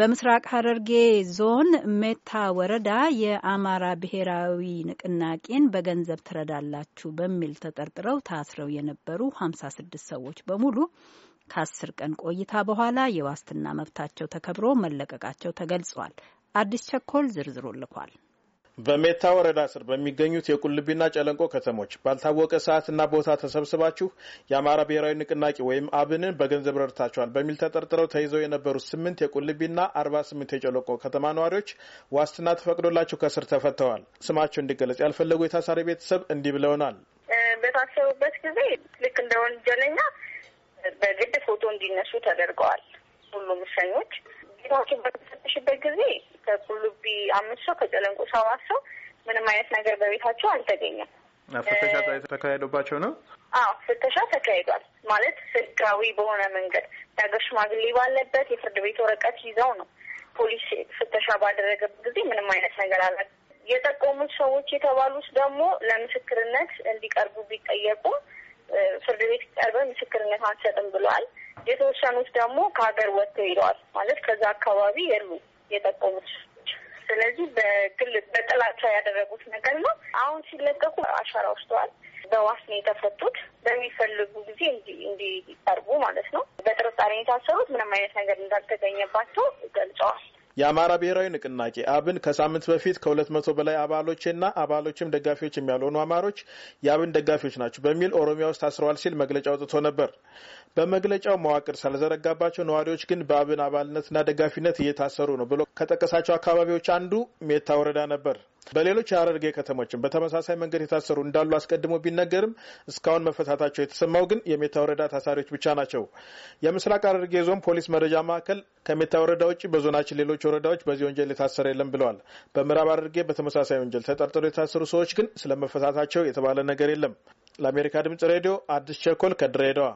በምስራቅ ሐረርጌ ዞን ሜታ ወረዳ የአማራ ብሔራዊ ንቅናቄን በገንዘብ ትረዳላችሁ በሚል ተጠርጥረው ታስረው የነበሩ 56 ሰዎች በሙሉ ከአስር ቀን ቆይታ በኋላ የዋስትና መብታቸው ተከብሮ መለቀቃቸው ተገልጿል። አዲስ ቸኮል ዝርዝሩ ልኳል። በሜታ ወረዳ ስር በሚገኙት የቁልቢና ጨለንቆ ከተሞች ባልታወቀ ሰዓትና ቦታ ተሰብስባችሁ የአማራ ብሔራዊ ንቅናቄ ወይም አብንን በገንዘብ ረድታችኋል በሚል ተጠርጥረው ተይዘው የነበሩት ስምንት የቁልቢና አርባ ስምንት የጨለንቆ ከተማ ነዋሪዎች ዋስትና ተፈቅዶላቸው ከስር ተፈተዋል። ስማቸው እንዲገለጽ ያልፈለጉ የታሳሪ ቤተሰብ እንዲህ ብለውናል። በታሰሩበት ጊዜ ልክ እንደ ወንጀለኛ በግድ ፎቶ እንዲነሱ ተደርገዋል። ሁሉም እስረኞች ቤታቸው በተፈተሽበት ጊዜ ከቁልቢ አምስት ሰው ከጨለንቆ ሰባት ሰው ምንም አይነት ነገር በቤታቸው አልተገኘም። ፍተሻ ተካሄዶባቸው ነው? አዎ ፍተሻ ተካሂዷል። ማለት ህጋዊ በሆነ መንገድ የሀገር ሽማግሌ ባለበት የፍርድ ቤት ወረቀት ይዘው ነው ፖሊስ ፍተሻ ባደረገበት ጊዜ ምንም አይነት ነገር አለ። የጠቆሙት ሰዎች የተባሉት ደግሞ ለምስክርነት እንዲቀርቡ ቢጠየቁ ፍርድ ቤት ቀርበን ምስክርነት አንሰጥም ብለዋል። የተወሰኑት ደግሞ ከሀገር ወጥተው ሄደዋል። ማለት ከዛ አካባቢ የሉም። የጠቆሙት። ስለዚህ በግል በጥላቻ ያደረጉት ነገር ነው። አሁን ሲለቀቁ አሻራ ውስተዋል በዋስ ነው የተፈቱት። በሚፈልጉ ጊዜ እንዲቀርቡ ማለት ነው። በጥርጣሬ የታሰሩት ምንም አይነት ነገር እንዳልተገኘባቸው ገልጸዋል። የአማራ ብሔራዊ ንቅናቄ አብን ከሳምንት በፊት ከሁለት መቶ በላይ አባሎችና አባሎችም ደጋፊዎች የሚያልሆኑ አማሮች የአብን ደጋፊዎች ናቸው በሚል ኦሮሚያ ውስጥ ታስረዋል ሲል መግለጫ አውጥቶ ነበር። በመግለጫው መዋቅር ስለዘረጋባቸው ነዋሪዎች ግን በአብን አባልነትና ደጋፊነት እየታሰሩ ነው ብሎ ከጠቀሳቸው አካባቢዎች አንዱ ሜታ ወረዳ ነበር። በሌሎች አረርጌ ከተሞችም በተመሳሳይ መንገድ የታሰሩ እንዳሉ አስቀድሞ ቢነገርም እስካሁን መፈታታቸው የተሰማው ግን የሜታ ወረዳ ታሳሪዎች ብቻ ናቸው። የምስራቅ ሐረርጌ ዞን ፖሊስ መረጃ ማዕከል ከሜታ ወረዳ ውጭ በዞናችን ሌሎች ወረዳዎች በዚህ ወንጀል የታሰረ የለም ብለዋል። በምዕራብ ሐረርጌ በተመሳሳይ ወንጀል ተጠርጥሮ የታሰሩ ሰዎች ግን ስለመፈታታቸው የተባለ ነገር የለም። ለአሜሪካ ድምጽ ሬዲዮ አዲስ ቸኮል ከድሬዳዋ